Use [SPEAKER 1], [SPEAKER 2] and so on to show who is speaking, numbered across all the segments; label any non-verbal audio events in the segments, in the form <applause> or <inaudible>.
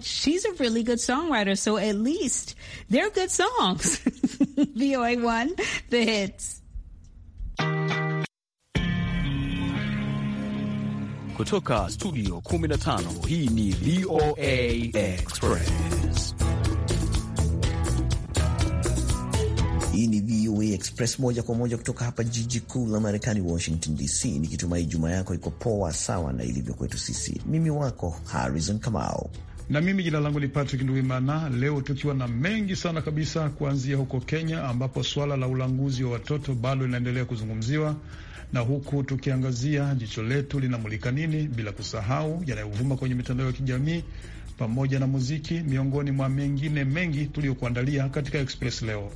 [SPEAKER 1] She's a really good songwriter, so at least they're good songs. <laughs> VOA One, the hits.
[SPEAKER 2] Kutoka studio 15 hii ni VOA Express. Hii ni VOA Express moja kwa moja kutoka hapa jiji kuu la Marekani, Washington DC, nikitumai Juma yako iko poa sawa na ilivyo kwetu sisi. Mimi wako Harrison Kamau.
[SPEAKER 3] na mimi jina langu ni Patrick Nduimana. Leo tukiwa na mengi sana kabisa, kuanzia huko Kenya ambapo swala la ulanguzi wa watoto bado linaendelea kuzungumziwa, na huku tukiangazia jicho letu linamulika nini, bila kusahau yanayovuma kwenye mitandao ya kijamii pamoja na muziki, miongoni mwa mengine mengi tuliyokuandalia katika Express leo.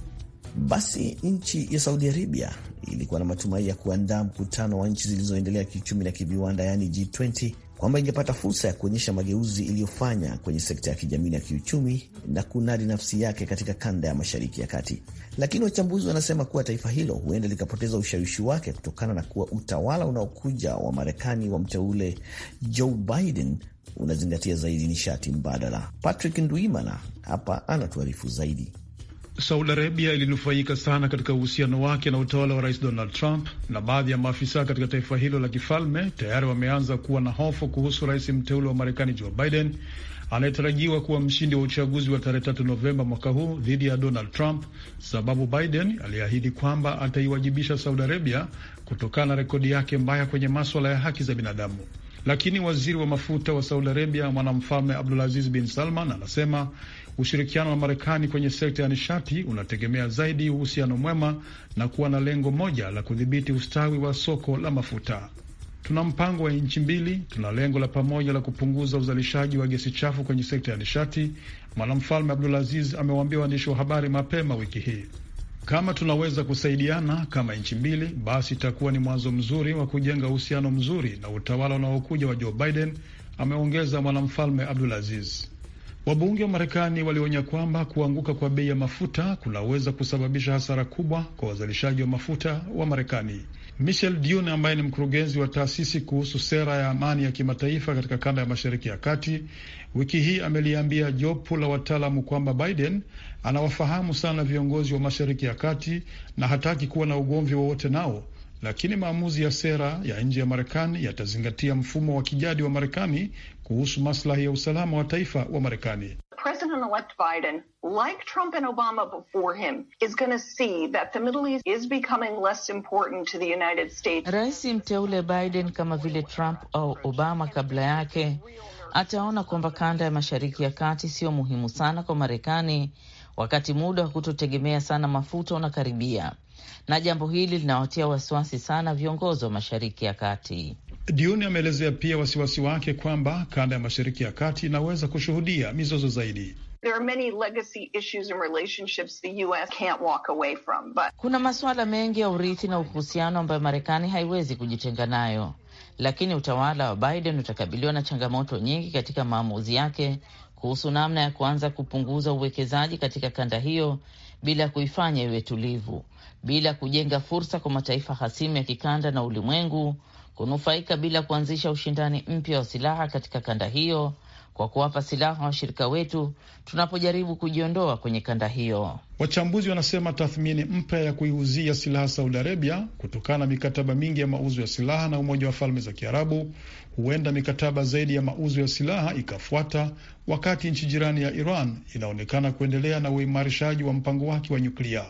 [SPEAKER 2] Basi nchi ya Saudi Arabia ilikuwa na matumai ya kuandaa mkutano wa nchi zilizoendelea kiuchumi na kiviwanda, yaani G20 kwamba ingepata fursa ya kuonyesha mageuzi iliyofanya kwenye sekta ya kijamii na kiuchumi na kunadi nafsi yake katika kanda ya Mashariki ya Kati, lakini wachambuzi wanasema kuwa taifa hilo huenda likapoteza ushawishi wake kutokana na kuwa utawala unaokuja wa Marekani wa mteule Joe Biden unazingatia zaidi nishati mbadala. Patrick Ndwimana hapa anatuarifu zaidi.
[SPEAKER 3] Saudi Arabia ilinufaika sana katika uhusiano wake na utawala wa Rais Donald Trump, na baadhi ya maafisa katika taifa hilo la kifalme tayari wameanza kuwa na hofu kuhusu rais mteule wa Marekani Joe Biden anayetarajiwa kuwa mshindi wa uchaguzi wa tarehe tatu Novemba mwaka huu dhidi ya Donald Trump, sababu Biden aliahidi kwamba ataiwajibisha Saudi Arabia kutokana na rekodi yake mbaya kwenye maswala ya haki za binadamu. Lakini waziri wa mafuta wa Saudi Arabia mwanamfalme Abdulaziz bin Salman anasema Ushirikiano wa Marekani kwenye sekta ya nishati unategemea zaidi uhusiano mwema na kuwa na lengo moja la kudhibiti ustawi wa soko la mafuta. Tuna mpango wa nchi mbili, tuna lengo la pamoja la kupunguza uzalishaji wa gesi chafu kwenye sekta ya nishati, Mwanamfalme Abdulaziz amewaambia waandishi wa habari mapema wiki hii. Kama tunaweza kusaidiana kama nchi mbili, basi itakuwa ni mwanzo mzuri wa kujenga uhusiano mzuri na utawala unaokuja wa Joe Biden, ameongeza Mwanamfalme Abdulaziz. Wabunge wa Marekani walionya kwamba kuanguka kwa bei ya mafuta kunaweza kusababisha hasara kubwa kwa wazalishaji wa mafuta wa Marekani. Michel dun ambaye ni mkurugenzi wa taasisi kuhusu sera ya amani ya kimataifa katika kanda ya Mashariki ya Kati, wiki hii ameliambia jopo la wataalamu kwamba Biden anawafahamu sana viongozi wa Mashariki ya Kati na hataki kuwa na ugomvi wowote nao, lakini maamuzi ya sera ya nje ya Marekani yatazingatia mfumo wa kijadi wa Marekani kuhusu maslahi ya usalama wa taifa wa Marekani.
[SPEAKER 4] Rais mteule Biden
[SPEAKER 1] kama vile Trump au Obama kabla yake ataona kwamba kanda ya Mashariki ya Kati siyo muhimu sana kwa Marekani wakati muda wa kutotegemea sana mafuta unakaribia, na jambo hili linawatia wasiwasi sana viongozi wa Mashariki ya Kati.
[SPEAKER 3] Dioni ameelezea pia wasiwasi wake kwamba kanda ya Mashariki ya Kati inaweza kushuhudia mizozo zaidi.
[SPEAKER 1] Kuna masuala mengi ya urithi na uhusiano ambayo Marekani haiwezi kujitenga nayo, lakini utawala wa Biden utakabiliwa na changamoto nyingi katika maamuzi yake kuhusu namna ya kuanza kupunguza uwekezaji katika kanda hiyo bila kuifanya iwe tulivu, bila kujenga fursa kwa mataifa hasimu ya kikanda na ulimwengu kunufaika bila kuanzisha ushindani mpya wa silaha katika kanda hiyo kwa kuwapa silaha washirika wetu tunapojaribu kujiondoa kwenye kanda hiyo.
[SPEAKER 3] Wachambuzi wanasema tathmini mpya ya kuiuzia silaha Saudi Arabia kutokana na mikataba mingi ya mauzo ya silaha na Umoja wa Falme za Kiarabu, huenda mikataba zaidi ya mauzo ya silaha ikafuata, wakati nchi jirani ya Iran inaonekana kuendelea na uimarishaji wa mpango wake wa nyuklia.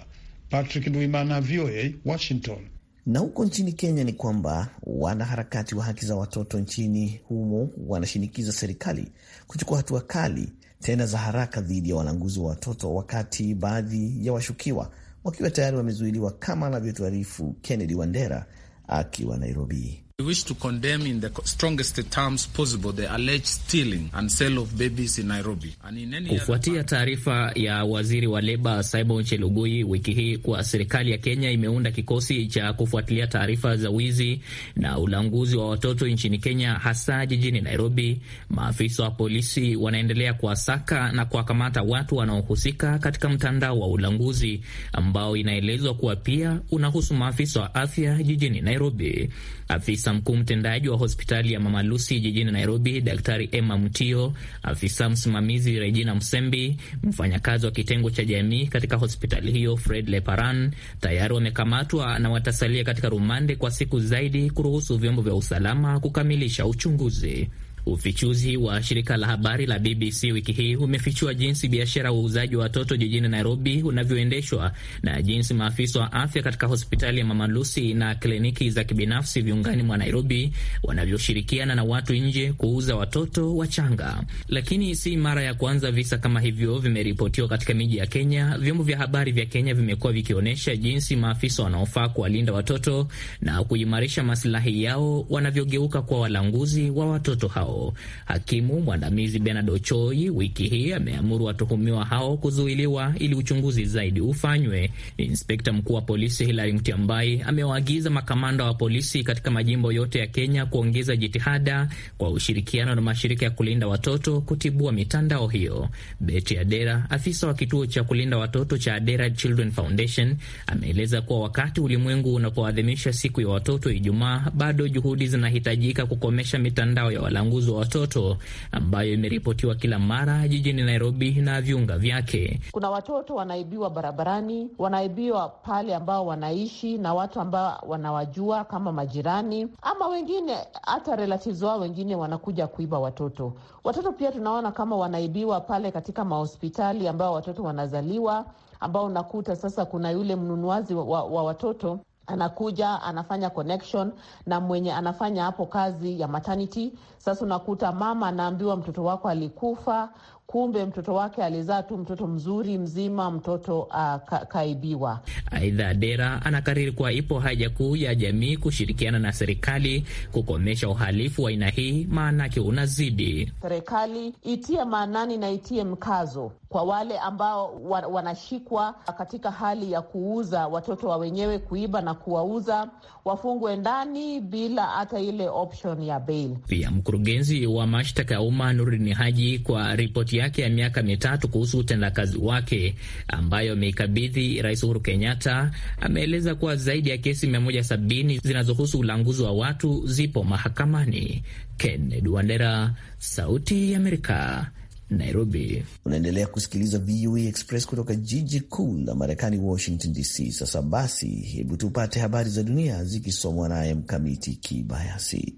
[SPEAKER 3] Patrick Nduimana, VOA, Washington. Na huko nchini Kenya ni kwamba wanaharakati
[SPEAKER 2] wa haki za watoto nchini humo wanashinikiza serikali kuchukua hatua kali tena za haraka dhidi ya walanguzi wa watoto, wakati baadhi ya washukiwa wakiwa tayari wamezuiliwa, kama anavyotuarifu Kennedy Wandera akiwa Nairobi.
[SPEAKER 5] We wish to condemn in the strongest terms possible the alleged stealing and sale of babies in Nairobi. And in any
[SPEAKER 6] kufuatia taarifa ya waziri wa leba Simon Chelugui wiki hii kuwa serikali ya Kenya imeunda kikosi cha kufuatilia taarifa za wizi na ulanguzi wa watoto nchini Kenya, hasa jijini Nairobi, maafisa wa polisi wanaendelea kuwasaka na kuwakamata watu wanaohusika katika mtandao wa ulanguzi ambao inaelezwa kuwa pia unahusu maafisa wa afya jijini Nairobi. Afisa afisa mkuu mtendaji wa hospitali ya Mama Lucy jijini Nairobi, Daktari Emma Mtio, afisa msimamizi Regina Msembi, mfanyakazi wa kitengo cha jamii katika hospitali hiyo Fred Leparan, tayari wamekamatwa na watasalia katika rumande kwa siku zaidi kuruhusu vyombo vya usalama kukamilisha uchunguzi. Ufichuzi wa shirika la habari la BBC wiki hii umefichua jinsi biashara ya uuzaji wa watoto jijini Nairobi unavyoendeshwa na jinsi maafisa wa afya katika hospitali ya Mama Lucy na kliniki za kibinafsi viungani mwa Nairobi wanavyoshirikiana na watu nje kuuza watoto wachanga. Lakini si mara ya kwanza visa kama hivyo vimeripotiwa katika miji ya Kenya. Vyombo vya habari vya Kenya vimekuwa vikionyesha jinsi maafisa wanaofaa kuwalinda watoto na kuimarisha masilahi yao wanavyogeuka kwa walanguzi wa watoto hao hao. Hakimu mwandamizi Benard Ochoi wiki hii ameamuru watuhumiwa hao kuzuiliwa ili uchunguzi zaidi ufanywe. Inspekta mkuu wa polisi Hilary Mutyambai amewaagiza makamanda wa polisi katika majimbo yote ya Kenya kuongeza jitihada kwa ushirikiano na mashirika ya kulinda watoto kutibua mitandao hiyo. Beti Adera, afisa wa kituo cha kulinda watoto cha Adera Children Foundation, ameeleza kuwa wakati ulimwengu unapoadhimisha siku ya watoto Ijumaa, bado juhudi zinahitajika kukomesha mitandao ya walanguzi ulanguzi wa watoto ambayo imeripotiwa kila mara jijini Nairobi na viunga vyake.
[SPEAKER 4] Kuna watoto wanaibiwa barabarani, wanaibiwa pale ambao wanaishi na watu ambao wanawajua kama majirani, ama wengine hata relatives wao, wengine wanakuja kuiba watoto. Watoto pia tunaona kama wanaibiwa pale katika mahospitali ambao watoto wanazaliwa ambao unakuta sasa kuna yule wa, wa, wa watoto anakuja anafanya connection na mwenye anafanya hapo kazi ya maternity. Sasa unakuta mama anaambiwa mtoto wako alikufa, kumbe mtoto wake alizaa tu mtoto mzuri mzima, mtoto uh, ka, kaibiwa.
[SPEAKER 6] Aidha, Dera anakariri kuwa ipo haja kuu ya jamii kushirikiana na serikali kukomesha uhalifu wa aina hii, maanake unazidi.
[SPEAKER 4] Serikali itie maanani na itie mkazo kwa wale ambao wanashikwa katika hali ya kuuza watoto wa wenyewe, kuiba na kuwauza, wafungwe ndani bila hata ile option ya bail.
[SPEAKER 6] Pia mkurugenzi wa mashtaka ya umma Nurini Haji kwa ripoti ripoti yake ya miaka mitatu kuhusu utendakazi wake ambayo ameikabidhi Rais Uhuru Kenyatta, ameeleza kuwa zaidi ya kesi 170 zinazohusu ulanguzi wa watu zipo mahakamani. Kennedy Wandera, Sauti ya Amerika, Nairobi.
[SPEAKER 2] Unaendelea kusikiliza VOA e Express kutoka jiji kuu la Marekani, Washington DC. Sasa basi, hebu tupate habari za dunia zikisomwa naye Mkamiti Kibayasi.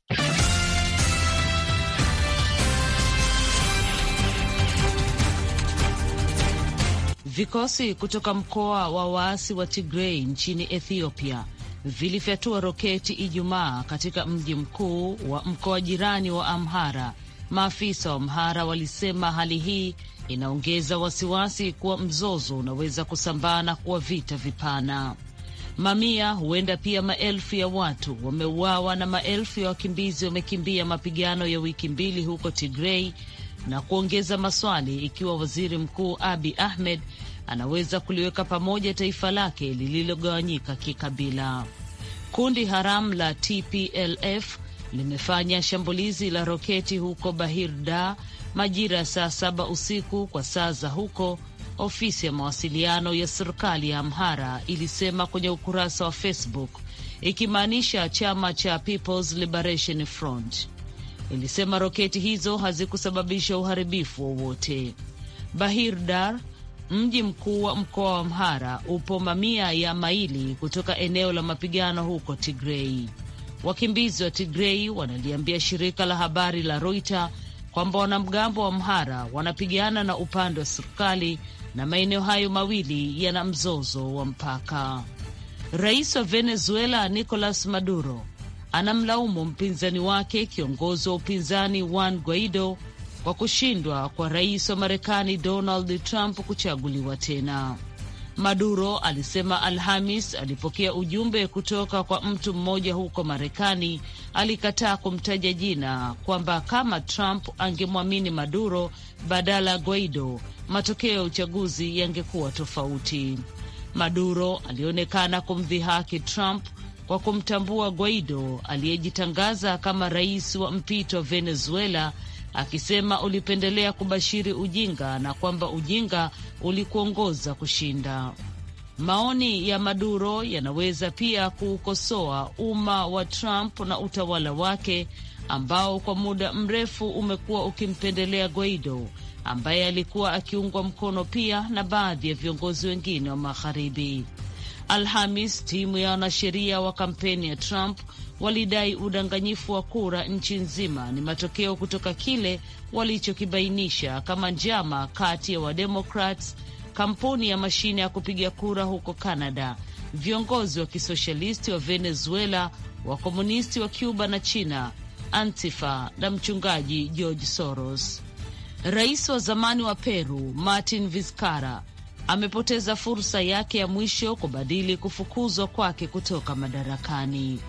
[SPEAKER 1] Vikosi kutoka mkoa wa waasi wa Tigrei nchini Ethiopia vilifyatua roketi Ijumaa katika mji mkuu wa mkoa jirani wa Amhara. Maafisa wa Amhara walisema hali hii inaongeza wasiwasi kuwa mzozo unaweza kusambaa na kuwa vita vipana. Mamia huenda pia maelfu ya watu wameuawa na maelfu ya wakimbizi wamekimbia mapigano ya wiki mbili huko Tigrei na kuongeza maswali ikiwa waziri mkuu Abi Ahmed anaweza kuliweka pamoja taifa lake lililogawanyika kikabila. Kundi haramu la TPLF limefanya shambulizi la roketi huko Bahir Dar majira ya saa saba usiku kwa saa za huko. Ofisi ya mawasiliano ya serikali ya Amhara ilisema kwenye ukurasa wa Facebook, ikimaanisha chama cha People's Liberation Front. Ilisema roketi hizo hazikusababisha uharibifu wowote. Bahir Dar Mji mkuu wa mkoa wa Amhara upo mamia ya maili kutoka eneo la mapigano huko Tigrei. Wakimbizi wa Tigrei wanaliambia shirika la habari la Reuters kwamba wanamgambo wa Amhara wanapigana na upande wa serikali na maeneo hayo mawili yana mzozo wa mpaka. Rais wa Venezuela Nicolas Maduro anamlaumu mpinzani wake kiongozi wa upinzani Juan Guaido kwa kushindwa kwa rais wa Marekani Donald Trump kuchaguliwa tena. Maduro alisema Alhamis alipokea ujumbe kutoka kwa mtu mmoja huko Marekani, alikataa kumtaja jina, kwamba kama Trump angemwamini Maduro badala ya Guaido, matokeo ya uchaguzi yangekuwa tofauti. Maduro alionekana kumdhihaki Trump kwa kumtambua Guaido aliyejitangaza kama rais wa mpito wa Venezuela akisema ulipendelea kubashiri ujinga na kwamba ujinga ulikuongoza kushinda. Maoni ya Maduro yanaweza pia kuukosoa umma wa Trump na utawala wake ambao kwa muda mrefu umekuwa ukimpendelea Guaido ambaye alikuwa akiungwa mkono pia na baadhi ya viongozi wengine wa Magharibi. Alhamis, timu ya wanasheria wa kampeni ya Trump walidai udanganyifu wa kura nchi nzima ni matokeo kutoka kile walichokibainisha kama njama kati ya Wademokrats, kampuni ya mashine ya kupiga kura huko Canada, viongozi wa kisoshalisti wa Venezuela, wakomunisti wa Cuba na China, Antifa na mchungaji George Soros. Rais wa zamani wa Peru Martin Vizcarra amepoteza fursa yake ya mwisho kubadili kufukuzwa kwake kutoka madarakani.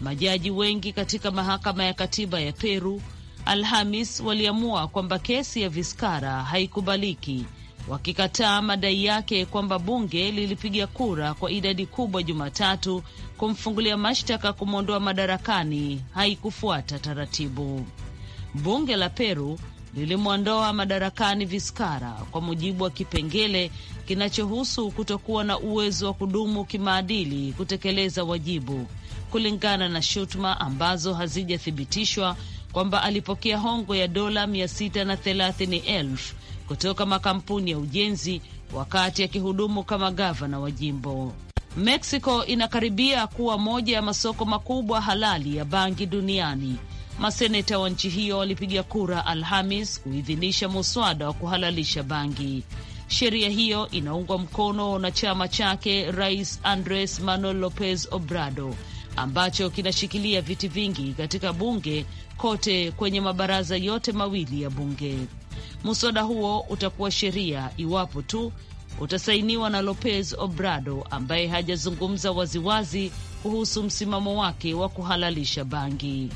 [SPEAKER 1] Majaji wengi katika mahakama ya katiba ya Peru Alhamis waliamua kwamba kesi ya viskara haikubaliki, wakikataa madai yake kwamba bunge lilipiga kura kwa idadi kubwa Jumatatu kumfungulia mashtaka kumwondoa madarakani haikufuata taratibu. Bunge la Peru lilimwondoa madarakani Viskara kwa mujibu wa kipengele kinachohusu kutokuwa na uwezo wa kudumu kimaadili kutekeleza wajibu, kulingana na shutuma ambazo hazijathibitishwa kwamba alipokea hongo ya dola 630,000 kutoka makampuni ya ujenzi wakati akihudumu kama gavana wa jimbo. Mexico inakaribia kuwa moja ya masoko makubwa halali ya bangi duniani Maseneta wa nchi hiyo walipiga kura Alhamis kuidhinisha muswada wa kuhalalisha bangi. Sheria hiyo inaungwa mkono na chama chake Rais Andres Manuel Lopez obrado ambacho kinashikilia viti vingi katika bunge kote kwenye mabaraza yote mawili ya bunge. Muswada huo utakuwa sheria iwapo tu utasainiwa na Lopez obrado ambaye hajazungumza waziwazi kuhusu msimamo wake wa kuhalalisha bangi.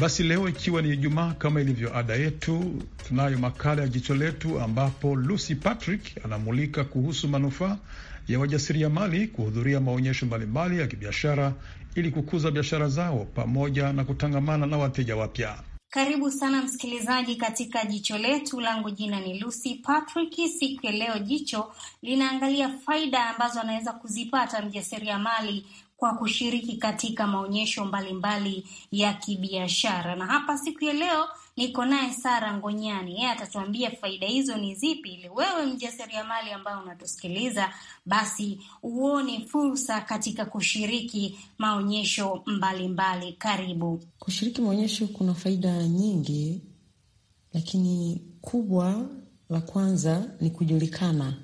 [SPEAKER 3] Basi leo ikiwa ni Ijumaa, kama ilivyo ada yetu, tunayo makala ya Jicho Letu ambapo Lucy Patrick anamulika kuhusu manufaa ya wajasiriamali kuhudhuria maonyesho mbalimbali ya kibiashara ili kukuza biashara zao pamoja na kutangamana na wateja wapya.
[SPEAKER 7] Karibu sana msikilizaji katika jicho letu. Langu jina ni Lucy Patrick. Siku ya leo jicho linaangalia faida ambazo anaweza kuzipata mjasiriamali kwa kushiriki katika maonyesho mbalimbali ya kibiashara. Na hapa siku ya leo niko naye Sara Ngonyani, yeye atatuambia faida hizo ni zipi, ili wewe mjasiriamali ambayo unatusikiliza basi uone fursa katika kushiriki maonyesho mbalimbali mbali. Karibu.
[SPEAKER 8] Kushiriki maonyesho kuna faida nyingi, lakini kubwa la kwanza ni kujulikana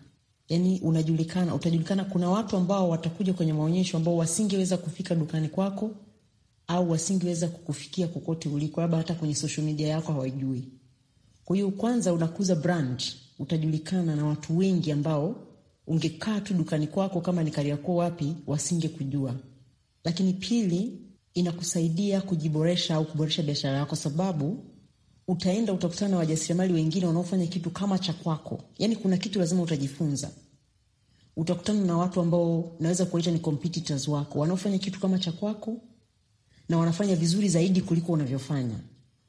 [SPEAKER 8] yani unajulikana, utajulikana. Kuna watu ambao watakuja kwenye maonyesho ambao wasingeweza kufika dukani kwako au wasingeweza kukufikia kokote uliko, labda hata kwenye social media yako hawajui. Kwa hiyo kwanza unakuza brand, utajulikana na watu wengi ambao ungekaa tu dukani kwako kama ni Kariakoo wapi, wasingekujua. Lakini pili, inakusaidia kujiboresha au kuboresha biashara yako, sababu utaenda utakutana na wajasiriamali wengine wanaofanya kitu kama cha kwako. Yani kuna kitu lazima utajifunza. Utakutana na watu ambao naweza kuwaita ni competitors wako, wanaofanya kitu kama cha kwako na wanafanya vizuri zaidi kuliko unavyofanya.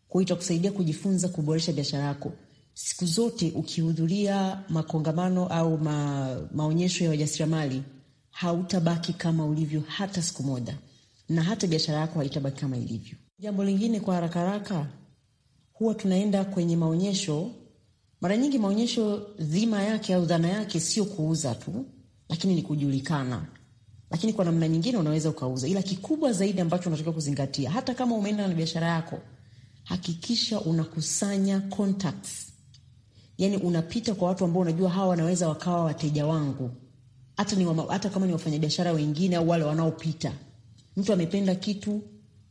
[SPEAKER 8] Kwa hiyo itakusaidia kujifunza, kuboresha biashara yako. Siku zote ukihudhuria makongamano au ma, maonyesho ya wajasiriamali hautabaki kama ulivyo hata siku moja, na hata biashara yako haitabaki kama ilivyo. Jambo lingine kwa haraka haraka huwa tunaenda kwenye maonyesho. Mara nyingi maonyesho dhima yake au dhana yake sio kuuza tu, lakini ni kujulikana. Lakini kwa namna nyingine unaweza ukauza, ila kikubwa zaidi ambacho unatakiwa kuzingatia, hata kama umeenda na biashara yako, hakikisha unakusanya contacts, yani unapita kwa watu ambao unajua hawa wanaweza wakawa wateja wangu, hata, ni wama, hata kama ni wafanyabiashara wengine au wale wanaopita. Mtu amependa kitu,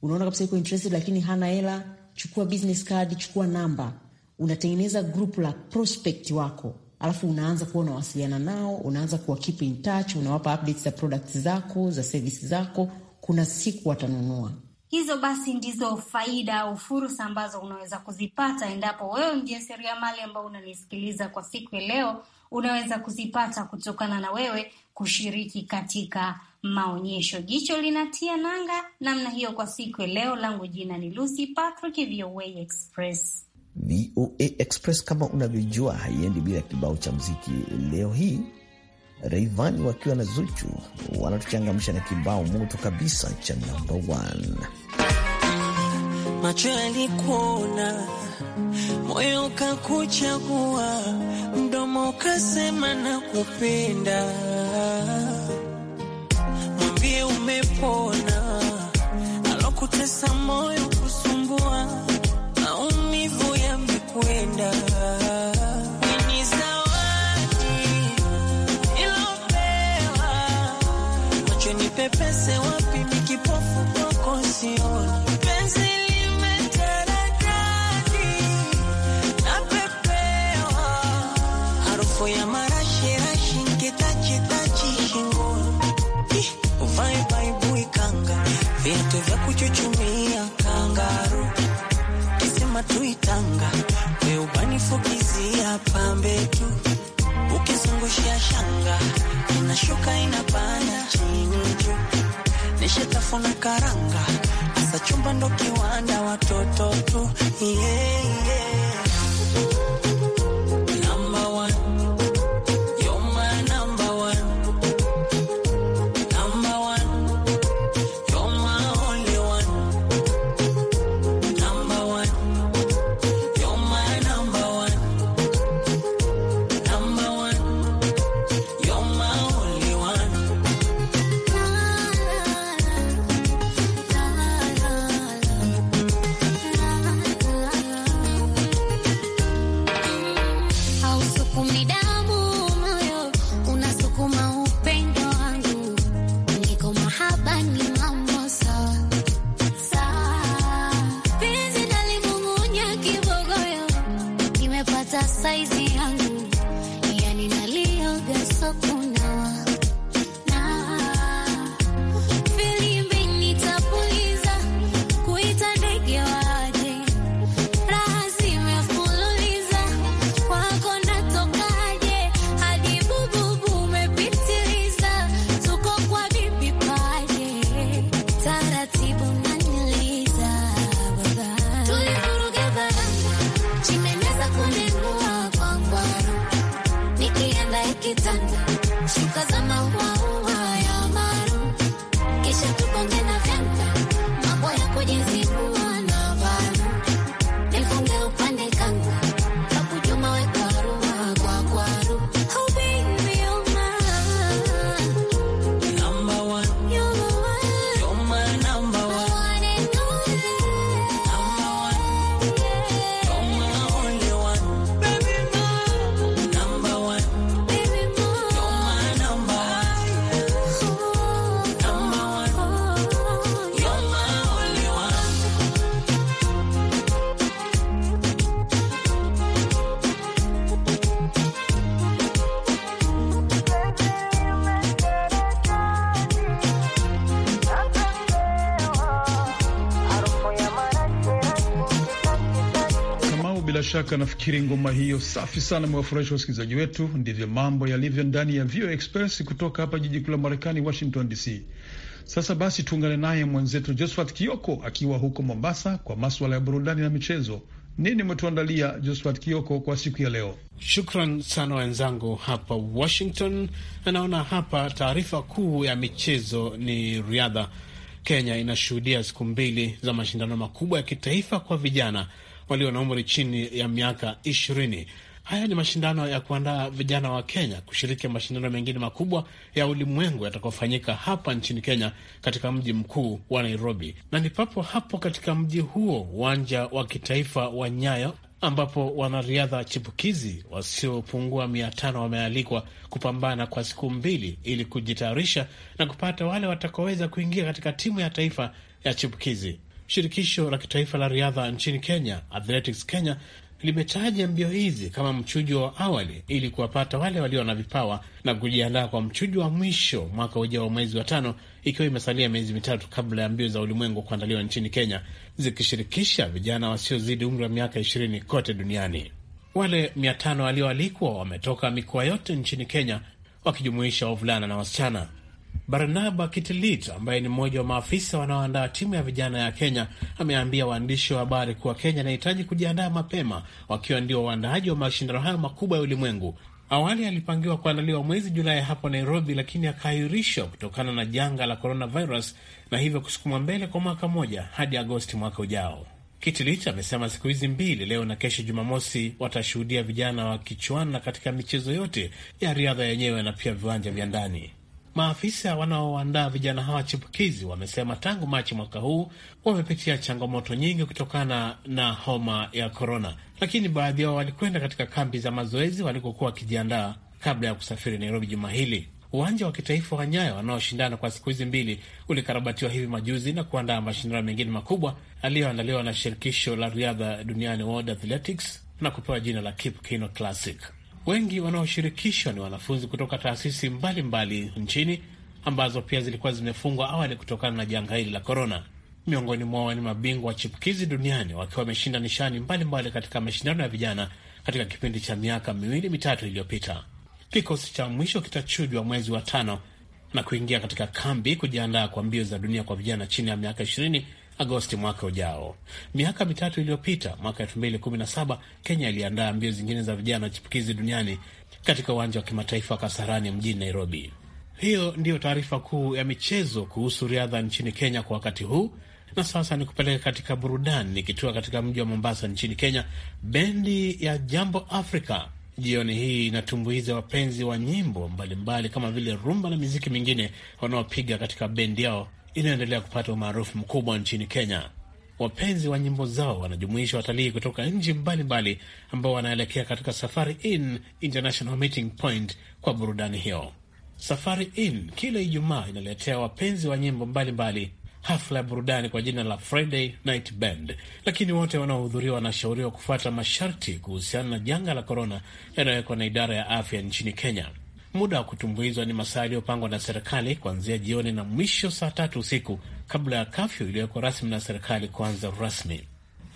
[SPEAKER 8] unaona kabisa iko interested, lakini hana hela chukua business card, chukua namba, unatengeneza group la prospect wako, alafu unaanza kuwa unawasiliana nao, unaanza kuwa keep in touch, unawapa updates za products zako za service zako. Kuna siku watanunua.
[SPEAKER 7] Hizo basi ndizo faida au fursa ambazo unaweza kuzipata endapo wewe mjasiriamali ambao unanisikiliza kwa siku ya leo unaweza kuzipata kutokana na wewe kushiriki katika maonyesho. Jicho linatia nanga namna hiyo kwa siku ya leo. Langu jina ni Lucy Patrick, VOA Express.
[SPEAKER 2] VOA Express kama unavyojua haiendi bila kibao cha muziki. Leo hii Rayvanny wakiwa na Zuchu wanatuchangamsha na kibao moto kabisa cha number one. Macho yalikuona
[SPEAKER 7] moyo kakuchagua ukasema na kupenda mwambie umepona, alokutesa moyo kusumbua, maumivu yamekwenda. Pepese wapi, ni kipofu kwako sioni Vyote vya kuchuchumia kangaru kisema tuitanga weubanifukizia pambe tu ukizungushia shanga inashuka inapanya chini tu nishatafuna karanga asa chumba ndo kiwanda watoto tu yeah, yeah.
[SPEAKER 3] shaka nafikiri ngoma hiyo safi sana mewafurahisha wasikilizaji wetu. Ndivyo mambo yalivyo ndani ya VOA Express kutoka hapa jiji kuu la Marekani, Washington DC. Sasa basi, tuungane naye mwenzetu Josphat Kioko akiwa huko Mombasa kwa maswala ya burudani na michezo. Nini umetuandalia Josphat Kioko kwa siku ya leo? Shukran sana wenzangu
[SPEAKER 5] hapa Washington. Anaona hapa taarifa kuu ya michezo ni riadha. Kenya inashuhudia siku mbili za mashindano makubwa ya kitaifa kwa vijana walio na umri chini ya miaka ishirini. Haya ni mashindano ya kuandaa vijana wa Kenya kushiriki mashindano mengine makubwa ya ulimwengu yatakayofanyika hapa nchini Kenya katika mji mkuu wa Nairobi, na ni papo hapo katika mji huo uwanja wa kitaifa wa Nyayo ambapo wanariadha chipukizi wasiopungua mia tano wamealikwa kupambana kwa siku mbili ili kujitayarisha na kupata wale watakaoweza kuingia katika timu ya taifa ya chipukizi. Shirikisho la kitaifa la riadha nchini Kenya, Athletics Kenya, limetaja mbio hizi kama mchujo wa awali ili kuwapata wale walio na vipawa na kujiandaa kwa mchujo wa mwisho mwaka ujao wa mwezi wa tano, ikiwa imesalia miezi mitatu kabla ya mbio za ulimwengu kuandaliwa nchini Kenya, zikishirikisha vijana wasiozidi umri wa miaka ishirini kote duniani. Wale mia tano walioalikwa wametoka mikoa yote nchini Kenya, wakijumuisha wavulana na wasichana. Barnaba Kitilit ambaye ni mmoja wa maafisa wanaoandaa timu ya vijana ya Kenya ameambia waandishi wa habari kuwa Kenya inahitaji kujiandaa mapema, wakiwa ndio waandaaji wa mashindano hayo makubwa ya ulimwengu. Awali alipangiwa kuandaliwa mwezi Julai hapo Nairobi, lakini akaahirishwa kutokana na janga la coronavirus na hivyo kusukumwa mbele kwa mwaka mmoja hadi Agosti mwaka ujao. kitilit amesema siku hizi mbili, leo na kesho Jumamosi, watashuhudia vijana wakichuana katika michezo yote ya riadha yenyewe na pia viwanja vya ndani. Maafisa wanaoandaa vijana hawa chipukizi wamesema tangu Machi mwaka huu wamepitia changamoto nyingi kutokana na homa ya korona, lakini baadhi yao walikwenda katika kambi za mazoezi walikokuwa wakijiandaa kabla ya kusafiri Nairobi juma hili. Uwanja wa kitaifa wa Nyayo wanaoshindana kwa siku hizi mbili ulikarabatiwa hivi majuzi na kuandaa mashindano mengine makubwa yaliyoandaliwa na shirikisho la riadha duniani World Athletics na kupewa jina la Kipkeino Classic. Wengi wanaoshirikishwa ni wanafunzi kutoka taasisi mbalimbali mbali nchini ambazo pia zilikuwa zimefungwa awali kutokana na janga hili la korona. Miongoni mwao ni mabingwa wachipukizi chipukizi duniani wakiwa wameshinda nishani mbalimbali mbali katika mashindano ya vijana katika kipindi cha miaka miwili mitatu iliyopita. Kikosi cha mwisho kitachujwa mwezi wa tano na kuingia katika kambi kujiandaa kwa mbio za dunia kwa vijana chini ya miaka ishirini Agosti mwaka ujao. Miaka mitatu iliyopita, mwaka 2017, Kenya iliandaa mbio zingine za vijana chipukizi duniani katika uwanja wa kimataifa wa Kasarani mjini Nairobi. Hiyo ndiyo taarifa kuu ya michezo kuhusu riadha nchini Kenya kwa wakati huu. Na sasa ni kupeleka katika burudani, nikitua katika mji wa Mombasa nchini Kenya. Bendi ya Jambo Africa jioni hii inatumbuiza wapenzi wa nyimbo mbalimbali mbali, kama vile rumba na miziki mingine wanaopiga katika bendi yao inayoendelea kupata umaarufu mkubwa nchini Kenya. Wapenzi wa nyimbo zao wanajumuisha watalii kutoka nchi mbalimbali ambao wanaelekea katika Safari Inn International Meeting Point kwa burudani hiyo. Safari Inn kila Ijumaa inaletea wapenzi wa nyimbo mbalimbali hafla ya burudani kwa jina la Friday Night Band, lakini wote wanaohudhuria wanashauriwa kufuata masharti kuhusiana na janga la korona yanayowekwa na idara ya afya nchini Kenya. Muda wa kutumbuizwa ni masaa yaliyopangwa na serikali kuanzia jioni na mwisho saa tatu usiku kabla ya kafyu iliyowekwa rasmi na serikali kuanza rasmi.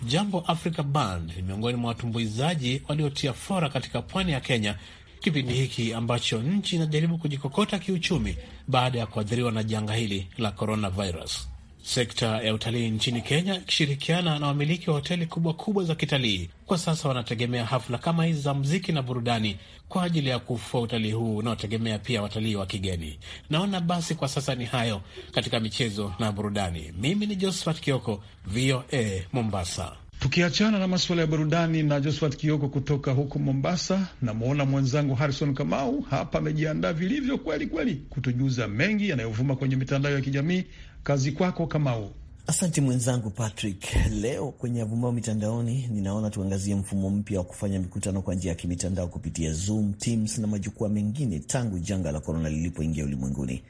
[SPEAKER 5] Jambo Africa Band ni miongoni mwa watumbuizaji waliotia fora katika pwani ya Kenya kipindi hiki ambacho nchi inajaribu kujikokota kiuchumi baada ya kuathiriwa na janga hili la coronavirus. Sekta ya utalii nchini Kenya ikishirikiana na wamiliki wa hoteli kubwa kubwa za kitalii kwa sasa wanategemea hafla kama hizi za mziki na burudani kwa ajili ya kufua utalii huu unaotegemea pia watalii wa kigeni. Naona basi kwa sasa ni hayo katika michezo na burudani. Mimi ni Josephat Kioko, VOA Mombasa.
[SPEAKER 3] Tukiachana na masuala ya burudani na Josephat Kioko kutoka huko Mombasa, namwona mwenzangu Harrison Kamau hapa amejiandaa vilivyo kweli kweli kutujuza mengi yanayovuma kwenye mitandao ya kijamii Kazi kwako Kamau. Asante mwenzangu Patrick. Leo kwenye avumao mitandaoni,
[SPEAKER 2] ninaona tuangazie mfumo mpya wa kufanya mikutano kwa njia ya kimitandao kupitia Zoom, Teams na majukwaa mengine tangu janga la korona lilipoingia ulimwenguni.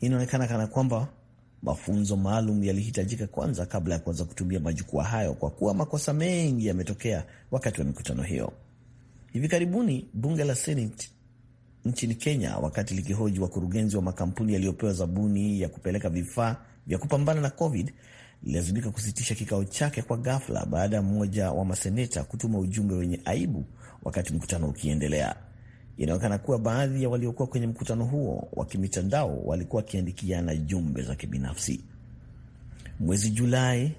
[SPEAKER 2] Inaonekana kana kwamba mafunzo maalum yalihitajika kwanza kabla ya kuanza kutumia majukwaa hayo, kwa kuwa makosa mengi yametokea wakati wa mikutano hiyo. Hivi karibuni bunge la Seneti nchini Kenya, wakati likihoji wakurugenzi wa makampuni yaliyopewa zabuni ya kupeleka vifaa vya kupambana na COVID lilazimika kusitisha kikao chake kwa ghafla baada ya mmoja wa maseneta kutuma ujumbe wenye aibu wakati mkutano ukiendelea. Inaonekana kuwa baadhi ya waliokuwa kwenye mkutano huo wa kimitandao walikuwa wakiandikiana jumbe za kibinafsi. Mwezi Julai,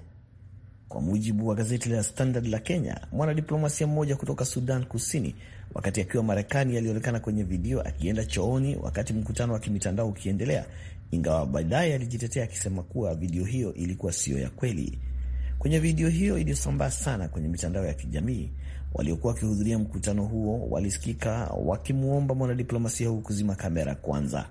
[SPEAKER 2] kwa mujibu wa gazeti la Standard la Kenya, mwanadiplomasia mmoja kutoka Sudan Kusini, wakati akiwa Marekani, alionekana kwenye video akienda chooni wakati mkutano wa kimitandao ukiendelea, ingawa baadaye alijitetea akisema kuwa video hiyo ilikuwa siyo ya kweli. Kwenye video hiyo iliyosambaa sana kwenye mitandao ya kijamii, waliokuwa wakihudhuria mkutano huo walisikika wakimwomba mwanadiplomasia huyo kuzima kamera kwanza.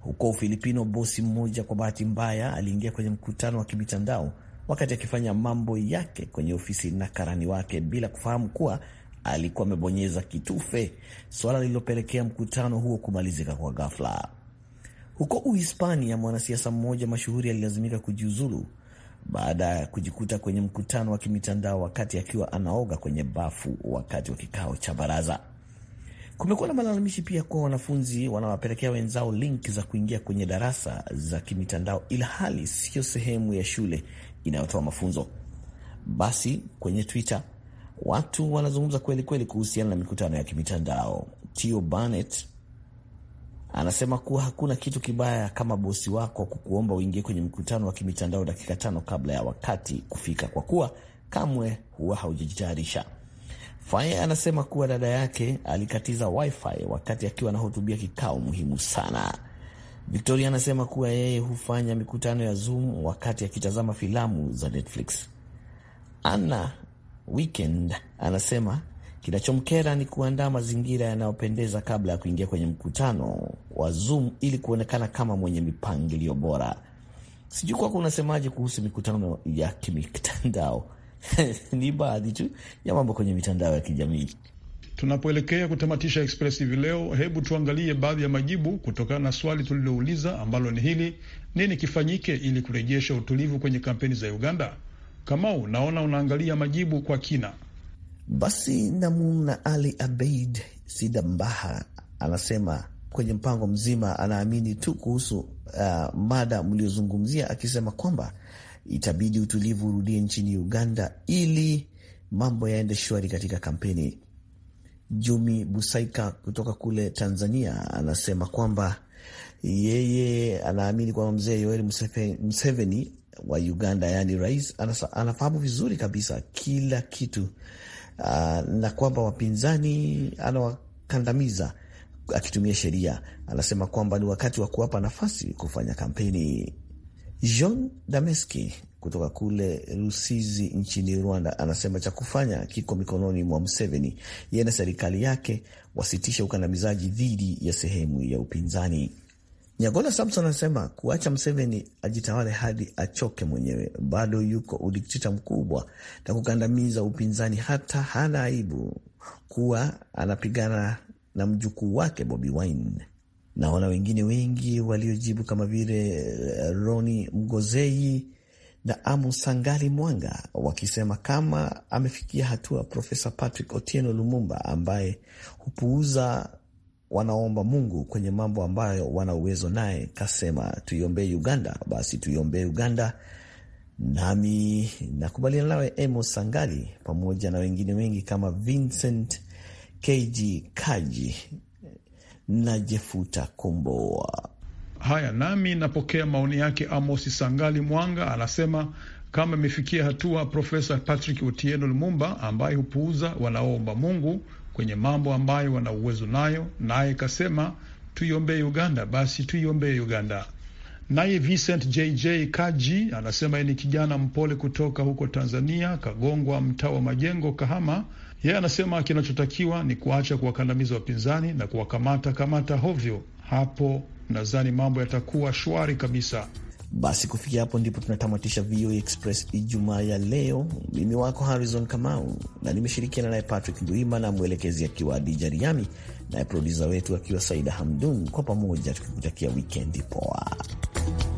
[SPEAKER 2] Huko Ufilipino, bosi mmoja kwa bahati mbaya aliingia kwenye mkutano wa kimitandao wakati akifanya mambo yake kwenye ofisi na karani wake bila kufahamu kuwa alikuwa amebonyeza kitufe, suala lililopelekea mkutano huo kumalizika kwa ghafla. Huko Uhispania, mwanasiasa mmoja mashuhuri alilazimika kujiuzulu baada ya kujikuta kwenye mkutano wa kimitandao wakati akiwa anaoga kwenye bafu wakati wa kikao cha baraza. Kumekuwa na malalamishi pia kuwa wanafunzi wanawapelekea wenzao link za kuingia kwenye darasa za kimitandao, ilhali siyo sehemu ya shule inayotoa mafunzo. Basi kwenye Twitter watu wanazungumza kweli kweli kuhusiana na mikutano ya kimitandao. Tio Barnett Anasema kuwa hakuna kitu kibaya kama bosi wako kukuomba uingie kwenye mkutano wa kimitandao dakika tano kabla ya wakati kufika, kwa kuwa kamwe huwa haujajitayarisha. Faye anasema kuwa dada yake alikatiza wifi wakati akiwa anahutubia kikao muhimu sana. Victoria anasema kuwa yeye hufanya mikutano ya Zoom wakati akitazama filamu za Netflix. Anna Weekend anasema Kinachomkera ni kuandaa mazingira yanayopendeza kabla ya kuingia kwenye mkutano wa Zoom ili kuonekana kama mwenye mipangilio bora. Sijui kwako unasemaje kuhusu mikutano ya kimitandao? <laughs> Ni baadhi tu ya mambo kwenye mitandao ya kijamii.
[SPEAKER 3] Tunapoelekea kutamatisha Express hivi leo, hebu tuangalie baadhi ya majibu kutokana na swali tulilouliza ambalo ni hili: nini kifanyike ili kurejesha utulivu kwenye kampeni za Uganda? Kamau, naona unaangalia majibu kwa kina. Basi
[SPEAKER 2] namuna Ali Abeid Sidambaha anasema kwenye mpango mzima anaamini tu kuhusu uh, mada mliozungumzia, akisema kwamba itabidi utulivu urudie nchini Uganda ili mambo yaende shwari katika kampeni. Jumi Busaika kutoka kule Tanzania anasema kwamba yeye anaamini kwamba mzee Yoweri Museveni wa Uganda, yaani rais, anafahamu vizuri kabisa kila kitu Ah, na kwamba wapinzani anawakandamiza akitumia sheria. Anasema kwamba ni wakati wa kuwapa nafasi kufanya kampeni. Jean Dameski kutoka kule Rusizi nchini Rwanda anasema cha kufanya kiko mikononi mwa Museveni, yeye na serikali yake wasitishe ukandamizaji dhidi ya sehemu ya upinzani. Nyagola Samson anasema kuacha Mseveni ajitawale hadi achoke mwenyewe, bado yuko udikteta mkubwa na kukandamiza upinzani, hata hana aibu kuwa anapigana na mjukuu wake Bobi Wine. Naona wengine wengi waliojibu kama vile eh, Roni Mgozei na Amu Sangali Mwanga wakisema kama amefikia hatua Profesa Patrick Otieno Lumumba ambaye hupuuza wanaomba Mungu kwenye mambo ambayo wana uwezo naye. Kasema tuiombee Uganda, basi tuiombee Uganda. Nami nakubaliana nawe Amos Sangali pamoja na wengine wengi kama Vincent KG Kaji na Jefuta Komboa.
[SPEAKER 3] Haya, nami napokea maoni yake Amos Sangali Mwanga, anasema kama imefikia hatua Profesa Patrick Otieno Lumumba ambaye hupuuza wanaomba Mungu kwenye mambo ambayo wana uwezo nayo, naye kasema tuiombee Uganda, basi tuiombee Uganda. Naye Vincent JJ Kaji anasema ni kijana mpole kutoka huko Tanzania, Kagongwa, mtaa wa Majengo, Kahama. Yeye anasema kinachotakiwa ni kuacha kuwakandamiza wapinzani na kuwakamata kamata hovyo. Hapo nadhani mambo yatakuwa shwari kabisa. Basi kufikia
[SPEAKER 2] hapo ndipo tunatamatisha VOA e Express Ijumaa ya leo. Mimi wako Harrison Kamau na nimeshirikiana naye Patrick Nduima na mwelekezi akiwa Adija Riami naye produsa wetu akiwa Saida Hamdun, kwa pamoja tukikutakia wikendi poa.